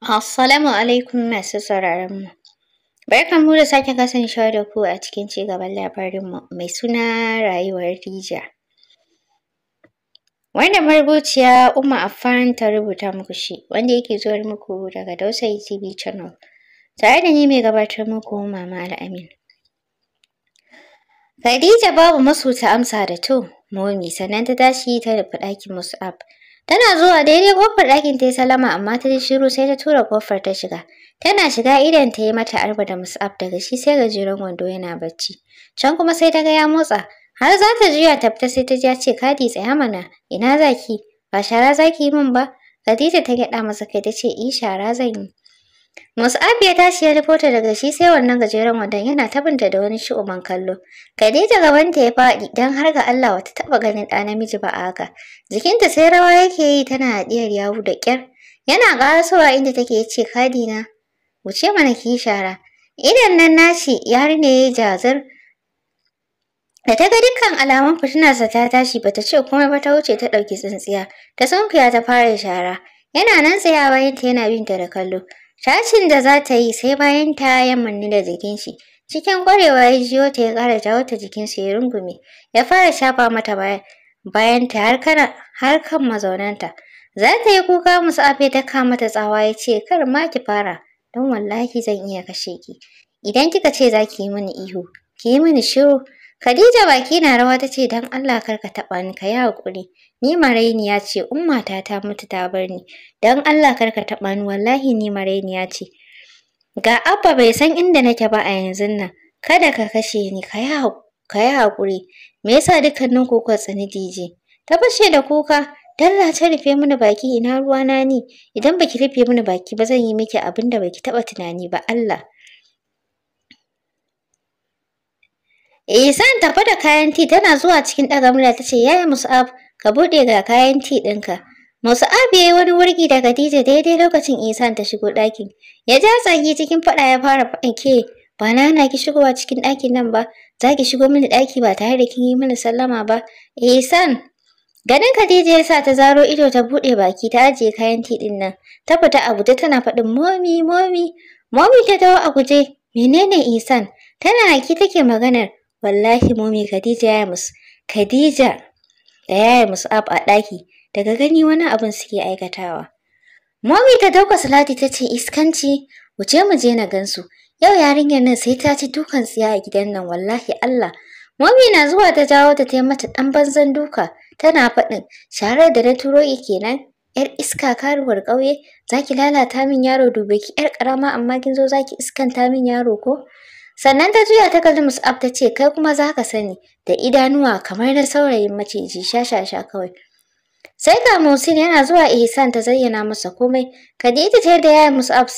Assalamu alaikum masu sauraron mu. Barkan mu da sake kasancewa da ku a cikin gaban labarin mu mai suna rayuwar Dija. Wanda marubuciya Umma afan ta rubuta muku shi wanda yake zuwar muku daga Dausayi TV channel. Tare da ni mai gabatar muku Mama Al'amin. Khadija babu masu ta amsa da to, momi sannan ta tashi ta rufe ɗakin Mus'ab. Tana zuwa daidai kofar ɗakin ta yi salama amma ta ji shiru sai ta tura kofar ta shiga. Tana shiga idan ta yi mata arba da mus'ab daga shi sai gajeren wando yana bacci. Can kuma sai ta ga ya motsa. Har za ta juya ta sai ta ji ya ce kadi tsaya mana ina zaki ba shara zaki yi min ba. Khadija ta gyaɗa masa kai ta ce i shara zan yi. Mus'ab ya tashi ya rufo daga shi sai wannan gajeren wandon yana tabinta da wani shi'uman kallo. Khadija wanda ya faɗi don har ga Allah wata taɓa ganin ɗa namiji ba a haka. Jikinta sai rawa yake yi tana haɗiyar yawu da ƙyar. Yana ƙarasowa inda take ya ce kadina wuce mana ki shara. Idan nan nashi yari ne ya jazir. Da ta ga dukkan alaman fitinarsa ta tashi bata ce kuma ba ta wuce ta ɗauki tsintsiya. Ta sunkuya ta fara shara. Yana nan tsayawa yanta yana bin ta da kallo. Tashin da za ta yi sai bayan ta ya manni da jikin shi. Cikin ƙwarewa ya jiyo ta ya ƙara jawo ta jikinsa ya rungume, ya fara shafa mata bayan ta har kan mazaunanta. Za ta yi kuka musafe ta kama ta tsawa ya ce kar ma ki fara don wallahi zan iya kashe ki. Idan kika ce za ki yi mini ihu, ki yi mini shiru Khadija baki na rawa ta ce don Allah kar ka taɓa ni ka yi hakuri. Ni Maraini ya ce ummata ta mutu ta bar ni. dan Allah kar ka taɓa ni wallahi ni Maraini ya ce. Ga Abba bai san inda nake ba a yanzun nan. Kada ka kashe ni ka yi hakuri. Me yasa dukkanin ku kuka tsani dije? Ta da kuka la ta rufe mini baki ina ruwa na ni? Idan baki rufe mini baki ba zan yi miki abinda baki taɓa tunani ba Allah. Isan eh, ta da kayan ti tana zuwa cikin ɗaga murya ta yaya Mus'ab ka buɗe ga kayan ti ɗinka. Mus'ab yayi wani wurgi da Khadija daidai lokacin Isan ta shigo ɗakin. Ya ja tsaki cikin faɗa ya fara fadin ke ba na ki shigowa cikin ɗakin nan ba za ki shigo mini ɗaki ba tare da kin yi mini sallama ba. Isan eh, Ganin Khadija ya sa ta zaro ido ta buɗe baki ta ajiye kayan ti din nan. Ta fita a guje tana faɗin momi momi. Momi ta dawo a guje menene Isan? Tana haki take maganar Wallahi mummy Khadija ya musu. Khadija da yaya Mus'ab a ɗaki daga gani wani abin suke aikatawa. mummy ta dauka Salati ta ce iskanci wuce mu je na gansu. Yau yarinyar nan sai ta ci dukan tsiya a gidan nan wallahi Allah. mummy na zuwa ta jawo ta tai mata ɗan banzan duka tana faɗin share da na turo ki kenan. ‘Yar iska karuwar ƙauye, zaki lalata min yaro dubeki ki ‘yar ƙarama amma kin zo za ki iskanta min yaro ko? Sannan ta juya ta kalli Mus'ab ta ce kai kuma za ka sani da idanuwa kamar na saurayin maciji shashasha kawai. Sai ga Musin yana zuwa Ihsan ta zayyana masa komai. Khadija ta da yayin Mus'ab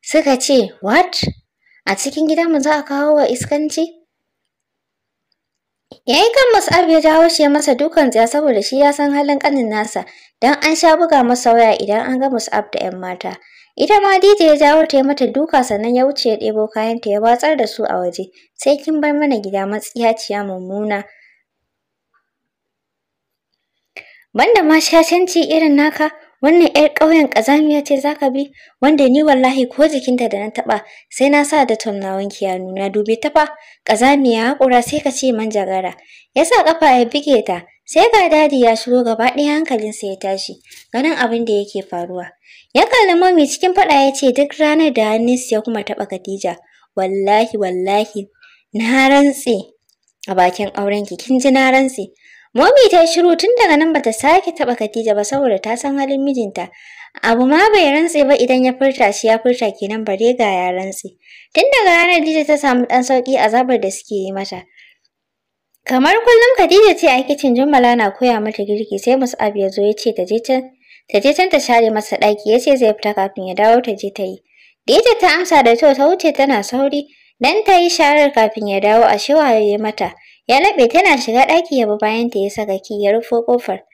suka ce what? A cikin gidanmu za a kawo wa iskanci? Yayin kan Mus'ab ya dawo shi masa dukan tsaya saboda shi ya san halin kanin nasa dan an sha buga masa waya idan an ga Mus'ab da 'yan mata. Ita ma DJ ya jawo ta mata duka sannan ya wuce ya ɗebo kayanta ya watsar da su a waje. Sai kin bar mana gida matsiyaciya mummuna. Banda ma shashanci irin naka, wannan 'yar ƙauyen ƙazamiya ce za ka bi, wanda ni wallahi ko jikinta da na taɓa sai na sa da tom na wanke ya nuna dubi ta fa, ƙazamiya haƙura sai ka ce manjagara. Ya sa ƙafa ya bige ta, Sai ga dadi ya shigo gaba ɗaya hankalinsa ya tashi, ganin abin da yake faruwa. Ya kalli mami cikin faɗa ya ce duk ranar da hannunsa ya kuma taɓa Khadija, wallahi wallahi na rantse a bakin aurenki, kin ji na rantse. Mami ta yi shiru tun daga nan bata sake taɓa Khadija ba saboda ta san halin mijinta. Abu ma bai rantse ba idan ya furta shi ya furta kenan bare ga ya rantse. Tun daga ranar Khadija ta samu ɗan sauki azabar da suke yi mata. Kamar kullum Khadija ce a kicin Jummala na koya mata girki sai Mus'ab ya zo ya ce ta je can ta je can ta share masa ɗaki ya ce zai fita kafin ya dawo ta je ta yi. Khadija ta amsa da to ta wuce tana sauri dan ta yi sharar kafin ya dawo a shewaye mata. Ya laɓe tana shiga ɗaki ya bi bayan ta ya saka ki ya rufe kofar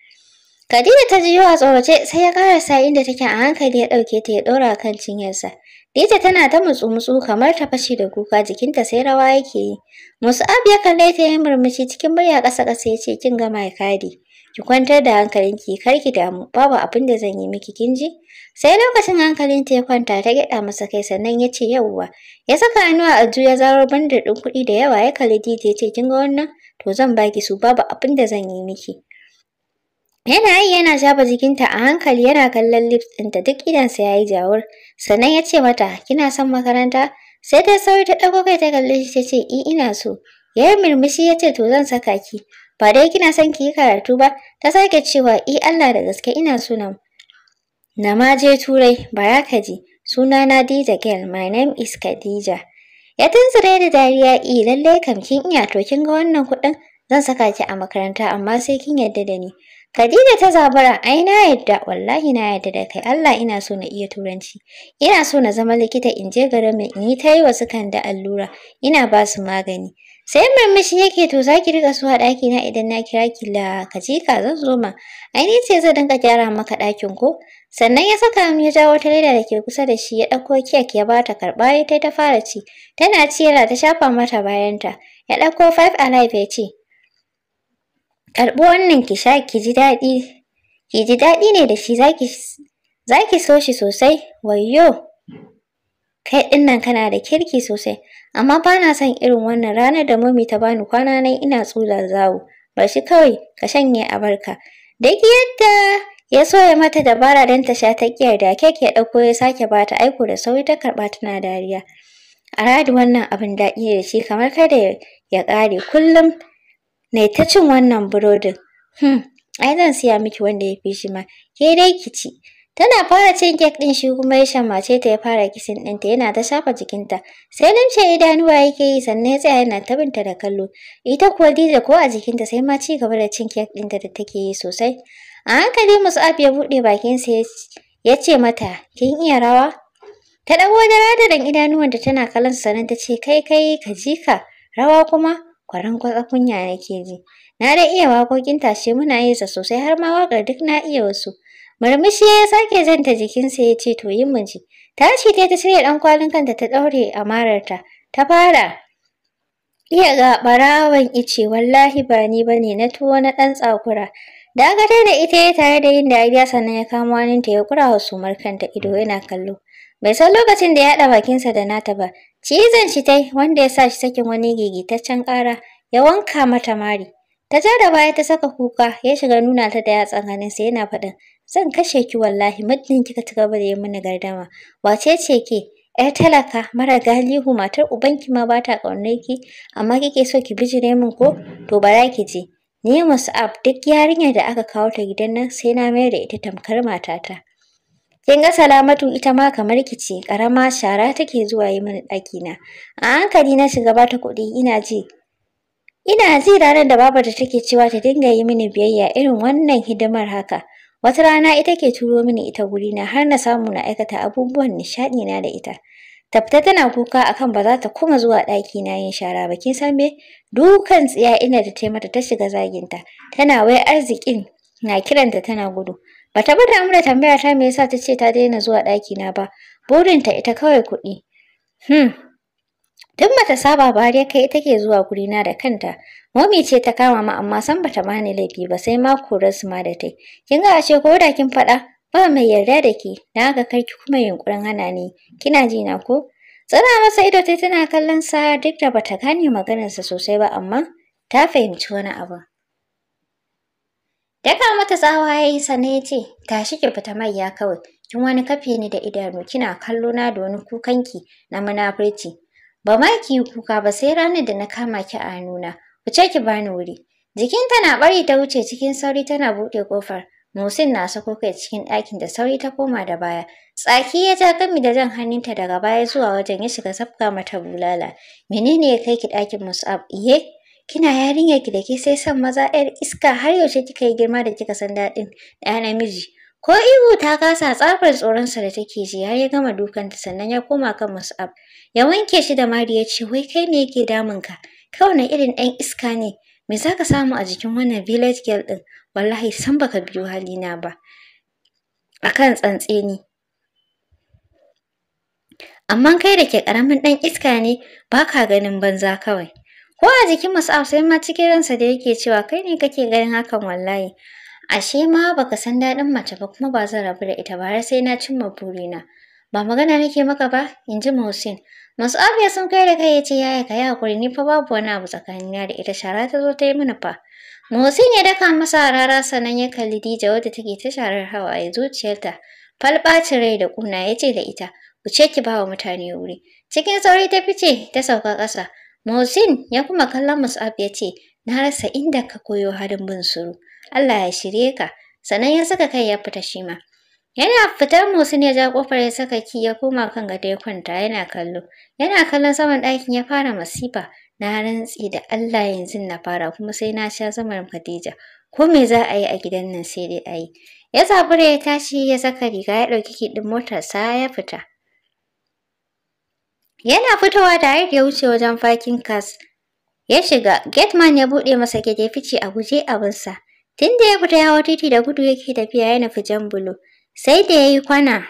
Khadija ta ji yawa tsorace sai ya karasa inda take a hankali ya ɗauke ta ya ɗora kan cinyarsa. Dita tana ta mutsu-mutsu kamar ta fashi da kuka jikinta sai rawa yake yi. ab ya kalle ta ya murmushi cikin murya ƙasa-ƙasa ya ce kin gama kare. Ki kwantar da hankalinki kar ki damu babu abin da zan yi miki kin ji. Sai lokacin hankalinta ya kwanta ta gyaɗa masa kai sannan ya ce yauwa. Ya saka hannu a aljihu ya zaro bandar ɗin kuɗi da yawa ya kalli Dita ya ce kin ga wannan to zan baki su babu abin da zan yi miki. Yana yi yana shafa jikinta a hankali yana kallon lips ɗinta duk idansa ya yi jawur. Sannan ya ce mata, kina son makaranta? Sai ta sauri ta ɗago kai ta kalli shi ta ce, i ina so. Ya yi murmushi ya ce, to zan saka ki. Ba dai kina son ki yi karatu ba, ta sake cewa, i Allah da gaske ina so na. Na ma je Turai, bara ka ji. Sunana Dija Gel, my name is Khadija. Ya tunzure da dariya, i lallai kam kin iya to kin ga wannan kuɗin zan saka ki a makaranta amma sai kin yarda da ni. Khadija ta zabara ai na yadda wallahi na yadda da kai Allah ina so na iya turanci ina so na zama likita in je garin mu in yi tayi wasu kan da allura ina ba su magani sai murmushi yake to za rika riƙa a ɗaki na idan na kira ki la Khadija zan zo ma ai ni ce zan dinka gyara maka ɗakin ko sannan ya saka mu ya jawo ta leda da ke kusa da shi ya ɗauko kek ya ba ta karɓa ya ta fara ci tana ci ta shafa mata bayanta ya ɗauko five alive ya ce Karɓi wannan ki sha ki ji daɗi. Ki ji daɗi ne da shi zaki zaki so shi sosai. Wayyo. Kai ɗin nan kana da kirki sosai. Amma ba na son irin wannan ranar da Mumi ta bani kwana nan ina tsular zawo. Bar shi kawai ka shanye a barka. Duk yadda ya soya mata dabara don ta sha ta kiyar da kek ya ɗauko ya sake ba ta aiko da sauri ta karɓa tana dariya. A radi wannan abin daɗi da shi kamar kada ya ƙare kullum. ne ta cin wannan burodin. Hmm, ai zan siya miki wanda ya fi shi ma, ke dai ki ci. Tana fara cin kek ɗin shi kuma ya shamace ta ya fara kisin ɗinta yana ta shafa jikinta. Sai ce idanuwa yake yi sannan ya tsaya yana ta binta da kallo. Ita kuwa Dija ko a jikinta sai ma ci gaba da cin kek ɗinta da take yi sosai. A hankali Mus'ab ya buɗe bakinsa ya ce mata, kin iya rawa? Ta ɗago da idanuwan da tana kallon sannan ta ce, kai kai ka ji ka, rawa kuma? kwaran-kwatsa kunya nake ji. Na da iya waƙoƙin tashe muna yin sa sosai har ma waƙar duk na iya wasu. Murmushi ya sake janta jikinsa ya ce to yin mu ji. Tashi ta ta shirya ɗan kwalin kanta ta ɗaure a mararta. Ta fara iya ga ɓarawon ice wallahi ba ni bane, na tuwo na ɗan tsakura. Dakatar da ita ya tare da yin dariya sannan ya kamo hannunta ya kura wa sumar kanta ido yana kallo. Bai san lokacin da ya haɗa bakinsa da nata ba, Cizon shi tai wanda ya sa shi sakin wani gigitaccen ƙara ya wanka mata mari. Ta ja da baya ta saka kuka ya shiga nuna ta da yatsan hannunsa yana faɗin zan kashe ki wallahi muddin kika ci gaba da yi mini gardama. Wace ce ke? ‘Yar talaka mara galihu matar ubanki ma ba ta ƙaunar ki amma kike so ki bijire min ko? To bara ki je. Ni ab duk yarinyar da aka kawo ta gidan nan sai na mayar da ita tamkar matata. Kin ga Salamatu ita ma kamar ki ce, ƙarama shara take zuwa yi mini ɗakina. A hankali na shiga bata kuɗi ina ji. Ina ji ranar da babarta take cewa ta dinga yi mini biyayya irin wannan hidimar haka. Wata rana ita ke turo mini ita guri na har na samu na aikata abubuwan nishaɗi na da ita. Tafta tana kuka akan ba za ta kuma zuwa ɗakina na yin shara ba kin san me? Dukan tsiya ina da taimata ta shiga zaginta. Tana wai arzikin na kiranta tana gudu. Bata bar damu da tambaya ta me yasa tace ta daina zuwa ɗaki na ba. Burinta ita kawai kuɗi. Hmm. Duk bata saba bari har ita kai take zuwa na da kanta. Momi ce ta kama ma, amma san bata bani laifi ba sai ma kuras ma da tai. Kin ga ashe ko da kin faɗa ba mai yarda da ki. Na ga kar kuma yunkurin hana ni. Kina ji na ko? tsara masa ido tai tana kallon sa duk da bata gane maganarsa sosai ba amma ta fahimci wani abu. Daka mata tsawa ya yi sane ya ce, tashi ki fita mayya kawai, kin wani kafe ni da idanu kina kallo na da wani kukanki na munafurci. Ba ma ki yi kuka ba sai ranar da na kama ki a hannuna, ce ki bani wuri. jikin tana bari ta wuce cikin sauri tana buɗe ƙofar. Musin na sako kai cikin ɗakin da sauri ta koma da baya. Tsaki ya ja gami da jan hannunta daga baya zuwa wajen ya shiga safka mata bulala. Menene ya kai ki ɗakin Mus'ab? Iye, Kina yarinyar ki da ke sai son maza ‘yar iska har yaushe kika yi girma da kika san daɗin ɗa namiji. Ko ihu ta kasa tsafar tsoronsa da take ji har ya gama dukanta sannan ya koma kan Mus'ab. Ya wanke shi da mari ya ce wai kai ne yake damunka? Kawai na irin ɗan iska ne. Me za ka samu a jikin wannan village girl ɗin? Wallahi san baka biyo halina ba. Akan kan ni. Amma kai da ke ƙaramin ɗan iska ne ba ka ganin banza kawai. Ko a jikin Mus'ab sai ma cikin ransa da yake cewa kai ne kake ganin hakan wallahi. Ashe ma baka san daɗin mace ba kuma ba zan rabu da ita ba har sai na cimma burina. Ba magana nake maka ba, Inji ji Muhsin. Mus'ab ya san kai da kai ya ce yaya ka yi hakuri ni fa babu wani abu tsakanina da ita shara ta zo ta yi mini fa. Muhsin ya daka masa rara sannan ya kalli Dija wadda take ta sharar hawaye zuciyarta. Falɓacin rai da ƙuna ya ce da ita, ku ce ki ba wa mutane wuri. Cikin sauri ta fice ta sauka ƙasa. Mohsin ya kuma kallon Mus'ab ya ce, Na rasa inda ka koyo halin bin suru. Allah ya shirye ka. Sannan ya saka kai ya fita shi ma. Yana fitar Mohsin ya ja kofar ya saka ki ya koma kan gado ya kwanta yana kallo. Yana kallon saman ɗakin ya fara masifa. Na rantsi da Allah yanzu na fara kuma sai na sha zaman Khadija. Ko me za a yi a gidan nan sai dai a yi. Ya zabura ya tashi ya saka riga ya ɗauki kiɗin motarsa ya fita. Yana fitowa da Hayat ya wuce wajen fakin kas. Ya shiga, gateman ya buɗe masa gate ya fice a guje abinsa. Tun da ya fita ya titi da gudu yake tafiya ya fi jan bulo. Sai da ya yi kwana.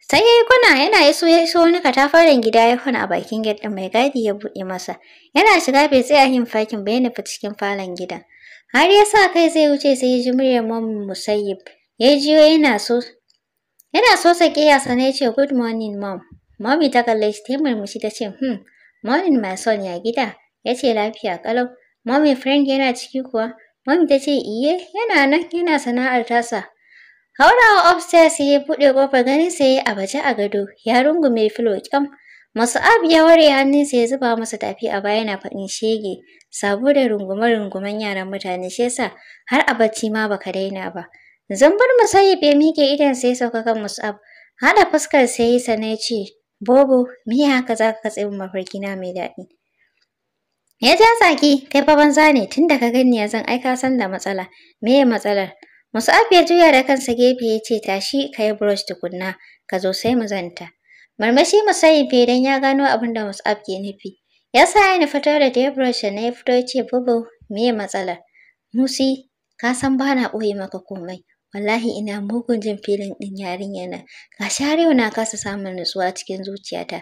Sai ya yi kwana yana iso ya iso wani katafaren gida ya kwana a bakin gate ɗin mai gadi ya buɗe masa. Yana shiga bai tsaya yin fakin ba ya nufi cikin falon gidan. Har ya sa kai zai wuce sai ya ji muryar mamman musayyib. Ya jiyo yana so Yana so sake ya sane ce good morning mom. Mommy ta kalle shi ta murmushi ta ce hmm morning my son ya gida. "Yace lafiya kalau. Mommy friend yana ciki kuwa. Mommy ta ce iye yana nan yana sana'ar tasa. Haurawa upstairs ya buɗe kofar ganin sa ya abaje a gado ya rungume filo kyam. ab ya ware hannun sa ya zuba masa tafi a baya yana faɗin shege, sabo da rungume-rungumen yaran mutane shi yasa har a bacci ma baka daina ba. Zambar musayi ya miƙe idan sai sauka kan Mus'ab. Haɗa fuskar sai yi sane ce, Bobo, me haka za ka katse min na mai daɗi? Ya ja tsaki, kai fa banza ne tun da ka gani zan ai ka san da matsala. Me ya matsalar? Mus'ab ya juya da kansa gefe ya ce tashi ka yi brush tukunna, ka zo sai mu zanta. Marmashi Musayyib ya dan ya gano abin da Mus'ab ke nufi. Ya sa ya nufi da dai brush na ya fito ya ce Bobo, me ya matsalar? Musi, ka san ba na ɓoye maka komai. Wallahi ina mugun jin filin ɗin yarinyar nan. ga har yau na kasa samun nutsuwa cikin zuciyata.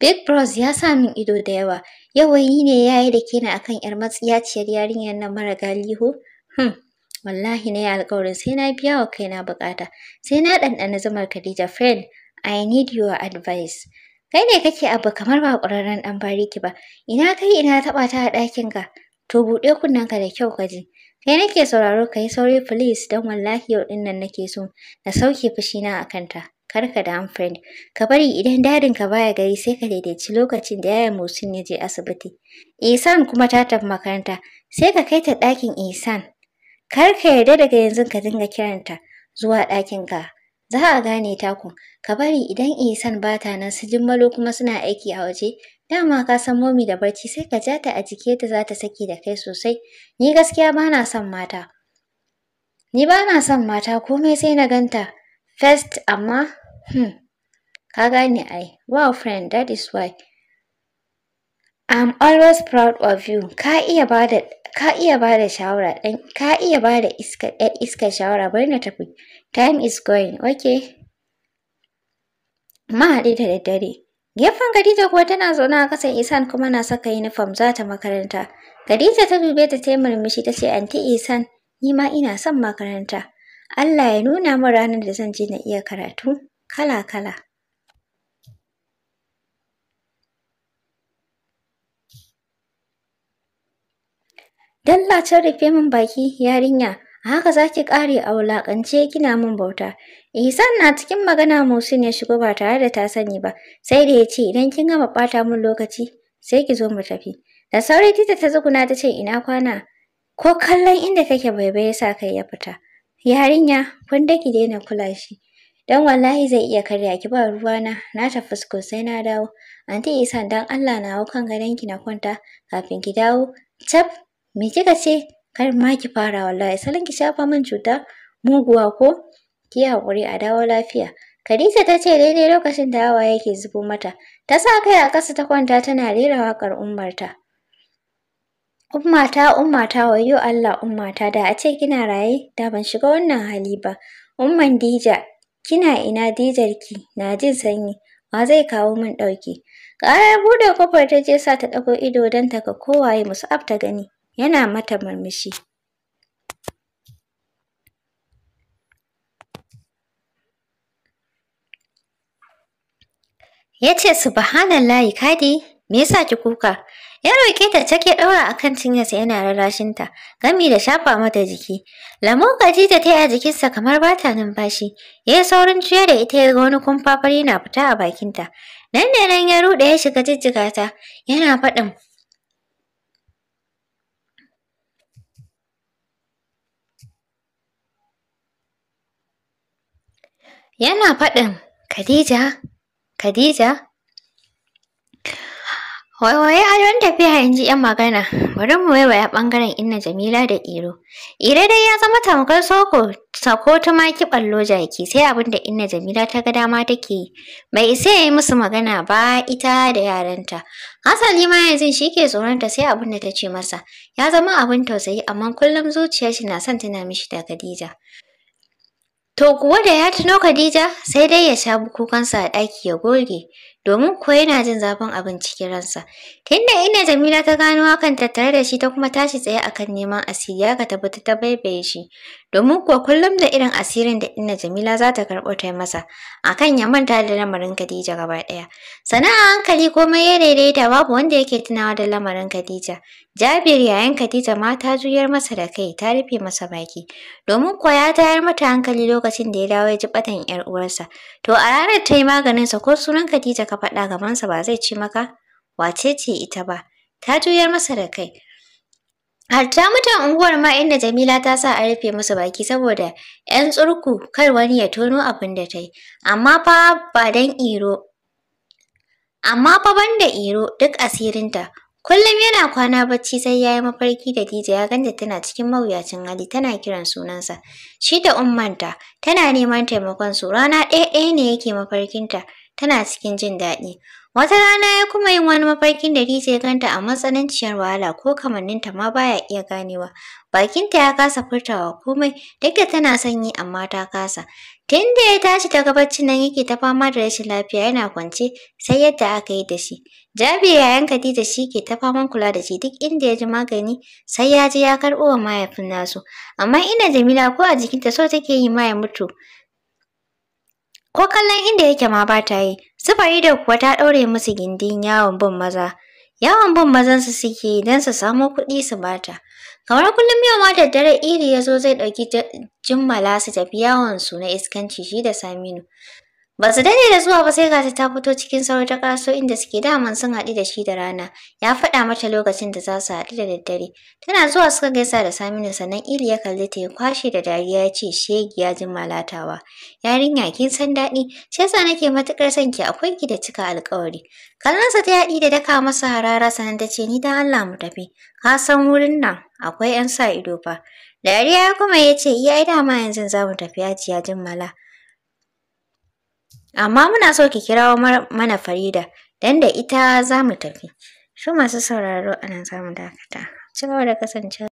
Big Bros ya sa min ido da yawa. Yawayi ne ya yi da kena akan ‘yar matsiyaciyar yarinyar na mara galihu? Hmm. Wallahi na yi alƙawarin sai na biya wa kaina bukata Sai na ɗanɗana zamar Khadija friend. I need your advice. Kai ne kake abu kamar ba ƙwararren ɗan bariki ba. Ina kai ina taɓa ta a ɗakinka. To buɗe kunnenka da kyau ka ji. Kai nake sauraro ka yi sauri please don wallahi yau din nan nake so na sauke fushi na a kanta. Kar ka damu friend. Ka bari idan dadin ka baya gari sai ka daidaici lokacin da yayin Musin ya je asibiti. Ihsan kuma ta tafi makaranta. Sai ka kai ta ɗakin Ihsan. Kar ka yarda daga yanzu ka dinga kiranta zuwa ka Za a gane taku. Ka bari idan Ihsan ba ta nan su Jummalo kuma suna aiki a waje, Dama ka san momi da barci sai ka jata a jike ta za ta saki da kai sosai. Ni gaskiya ba na son mata. Ni ba na son mata komai sai na ganta. First amma hmm. Ka gane ai. Wow friend that is why. I'm always proud of you. Ka iya bada ka iya bada shawara dan ka iya bada iska iska shawara bari na tafi. Time is going. Okay. Ma hade da daddare. Gefen Khadija kuwa tana zaune a kasan Isan kuma na saka yunifom za ta makaranta. Khadija ta dube ta ta murmushi ta ce, "Anti Isan, ni ma ina son makaranta. Allah ya nuna min ranar da zan je na iya karatu kala-kala." dan ta rufe min baki, yarinya. a haka za ki ƙare a wulakance kina mun bauta. Ihsan na cikin magana Musin ya shigo ba tare da ta sani ba, sai da ya ce idan kin gama bata mun lokaci sai ki zo mu tafi. Da sauri Tita ta tsuguna ta ce ina kwana, ko kallon inda kake bai ya sa kai ya fita. Yarinya, kun da ki daina kula shi. Don wallahi zai iya karya ki ba ruwa na tafi sukun sai na dawo. Anti Isan dan Allah na hau kan ki na kwanta kafin ki dawo. caf me kika ce? kar ma ki fara wallahi salon ki shafa min cuta muguwa ko ki haƙuri a dawo lafiya Khadija ta ce daidai lokacin da hawa yake zubo mata ta sa kai a ƙasa ta kwanta tana rera waƙar ummarta ummata ummata wayo Allah ummata da a ce kina raye da ban shiga wannan hali ba umman Dija kina ina Dijar ki? na jin sanyi ma zai kawo min ɗauki ƙarar buɗe kofar ta je sa ta ɗago ido don ta ga kowaye musu ta gani yana mata murmushi. Ya ce, Subhanallahi, Kadi, me yasa ki kuka? Ya roƙe ta take ɗaura a kan cinyarsa yana rarrashinta, gami da shafa mata jiki. Lamu da ta yi a jikinsa kamar ba ta numfashi, ya yi saurin ciyar da ita ya ga wani kumfafari na fita a bakinta. Nan da nan ya ruɗe ya shiga jijjiga ta, yana faɗin yana faɗin Khadija, Khadija. a adon tafiya in ji ‘yan magana, bari mu waiwaya ɓangaren inna Jamila da Iro. Iro dai ya zama tamkar soko, sako tumaki ɓallo jaki sai abin da inna Jamila ta ga dama take yi. Bai isa ya yi musu magana ba ita da yaranta. Asali ma yanzu shi ke tsoronta sai abin da ta ce masa. Ya zama abin tausayi amma kullum zuciya shi na son tana mishi da Khadija. To kuwa da ya tuno Khadija sai dai ya sha bukukansa a ɗaki ya goge, domin kuwa yana jin zafin abin cikin ransa. Tunda ina Jamila ta gano hakan tattare da shi ta kuma tashi tsaye akan neman asiri ya ta tabbata ta baibaye shi domin kuwa kullum da irin asirin da inna Jamila za ta karɓo ta masa kan ya manta da lamarin Khadija gaba ɗaya. Sana'a hankali komai ya daidaita babu wanda yake tunawa da lamarin Khadija. Jabir yayin Khadija ma ta juyar masa da kai ta rufe masa baki domin kuwa ya tayar mata hankali lokacin da ya dawo ya ji batan ‘yar uwarsa. To a ranar ta yi sa ko sunan Khadija ka faɗa gabansa ba zai ci maka wace ce ita ba. Ta juyar masa da kai. Harta mutan unguwar ma inda Jamila ta sa a rufe musu baki saboda ‘yan tsurku kar wani ya tono abin da ta yi, amma fa ba dan iro. Amma fa ban iro duk asirinta, kullum yana kwana bacci sai ya yi mafarki da Dija ya ganta tana cikin mawuyacin hali tana kiran sunansa. Shi da ummanta tana neman taimakon su rana ɗaya ɗaya ne yake mafarkinta tana cikin jin daɗi. Wata rana ya kuma yin wani mafarkin da Rija ya ganta a matsananciyar wahala ko kamanninta ma baya iya ganewa. Bakinta ya kasa furtawa komai duk da tana son yi amma ta kasa. Tun da ya tashi daga bacci nan yake ta fama da rashin lafiya yana kwance sai yadda aka yi da shi. Jabi yayan Khadija shi ke ta faman kula da shi duk inda ya ji magani sai ya je ya karɓo wa mahaifin nasu. Amma ina Jamila ko a jikinta so take yi ma ya mutu. ko kallon inda yake ma ba ta yi sufari da kuwa ta ɗaure musu gindin yawon bin maza yawon bin mazan su suke don su samo kuɗi su bata kamar kullum yau ma da dare iri ya zo zai ɗauki jimmala su tafi yawon su na iskanci shi da saminu Ba su da zuwa ba sai ga ta fito cikin sauri ta kaso inda suke daman sun haɗu da shi da rana. Ya faɗa mata lokacin da za su haɗu da daddare. Tana zuwa suka gaisa da Saminu sannan Ili ya kalli ta ya kwashe da dariya ya ce shegi ya ji malatawa. Yarinya kin san daɗi, shi yasa nake matuƙar son ki akwai ki da cika alƙawari. Kallonsa ta yaɗi da daka masa harara sannan ta ce ni dan Allah mu tafi. Ka san wurin nan akwai 'yan sa ido fa. Dariya ya kuma ya ce iya dama yanzu za mu tafi ajiya jin mala. Amma muna so ki kirawo mana Farida, dan da ita za mu tafi. Shi masu sauraro anan nan za mu dakata. Ci da kasancewa.